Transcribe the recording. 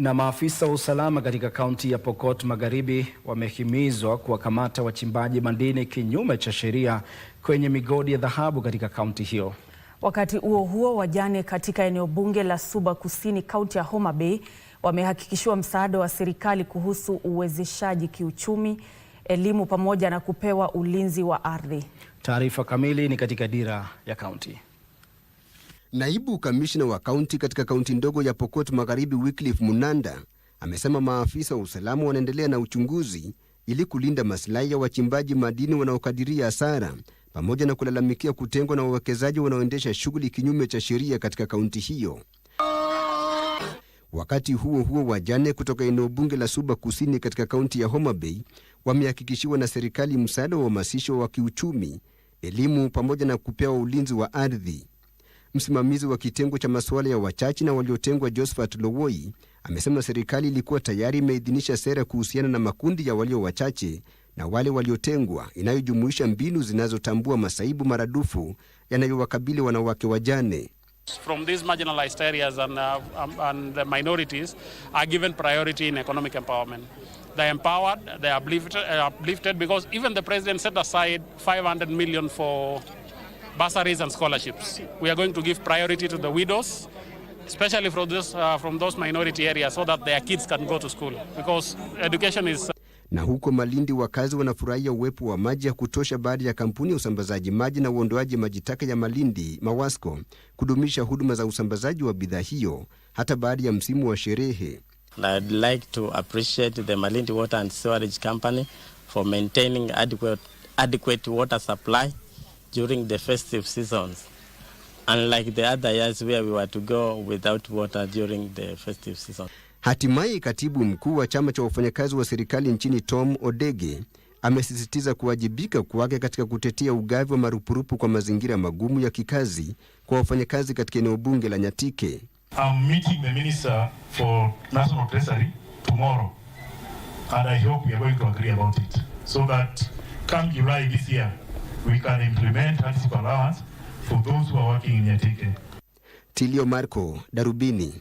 Na maafisa wa usalama katika kaunti ya Pokot Magharibi wamehimizwa kuwakamata wachimbaji madini kinyume cha sheria kwenye migodi ya dhahabu katika kaunti hiyo. Wakati huo huo, wajane katika eneo bunge la Suba Kusini, kaunti ya Homa Bay, wamehakikishiwa msaada wa serikali kuhusu uwezeshaji kiuchumi, elimu pamoja na kupewa ulinzi wa ardhi. Taarifa kamili ni katika dira ya kaunti. Naibu kamishna wa kaunti katika kaunti ndogo ya Pokot Magharibi, Wycliffe Munanda, amesema maafisa wa usalama wanaendelea na uchunguzi ili kulinda masilahi ya wachimbaji madini wanaokadiria hasara pamoja na kulalamikia kutengwa na wawekezaji wanaoendesha shughuli kinyume cha sheria katika kaunti hiyo. Wakati huo huo, wajane kutoka eneo bunge la Suba Kusini katika kaunti ya Homa Bay wamehakikishiwa na serikali msaada wa uhamasisho wa kiuchumi, elimu pamoja na kupewa ulinzi wa ardhi. Msimamizi wa kitengo cha masuala ya wachache na waliotengwa Josephat Lowoi amesema serikali ilikuwa tayari imeidhinisha sera kuhusiana na makundi ya walio wachache na wale waliotengwa inayojumuisha mbinu zinazotambua masaibu maradufu yanayowakabili wanawake wajane. From these marginalized areas and, uh, um, and the minorities are given priority in economic empowerment. They are empowered, they are uplifted, uh, uplifted because even the president set aside 500 million for bursaries and scholarships. We are going to give priority to the widows, especially from those, uh, from those minority areas so that their kids can go to school because education is... Na huko Malindi wakazi wanafurahia uwepo wa maji ya kutosha baada ya kampuni ya usambazaji maji na uondoaji maji taka ya Malindi MAWASCO kudumisha huduma za usambazaji wa bidhaa hiyo hata baada ya msimu wa sherehe. I'd like to appreciate the Malindi Water and Sewerage Company for maintaining adequate, adequate water supply during the festive seasons, unlike the other years where we were to go without water during the festive season. Hatimaye katibu mkuu wa chama cha wafanyakazi wa serikali nchini Tom Odege amesisitiza kuwajibika kwake katika kutetea ugavi wa marupurupu kwa mazingira magumu ya kikazi kwa wafanyakazi katika eneo bunge la Nyatike. I'm meeting the minister for national treasury tomorrow and I hope we are going to agree about it so that come July this year we can implement tax allowance for those who are working in Nyatike. Tilio Marco, Darubini.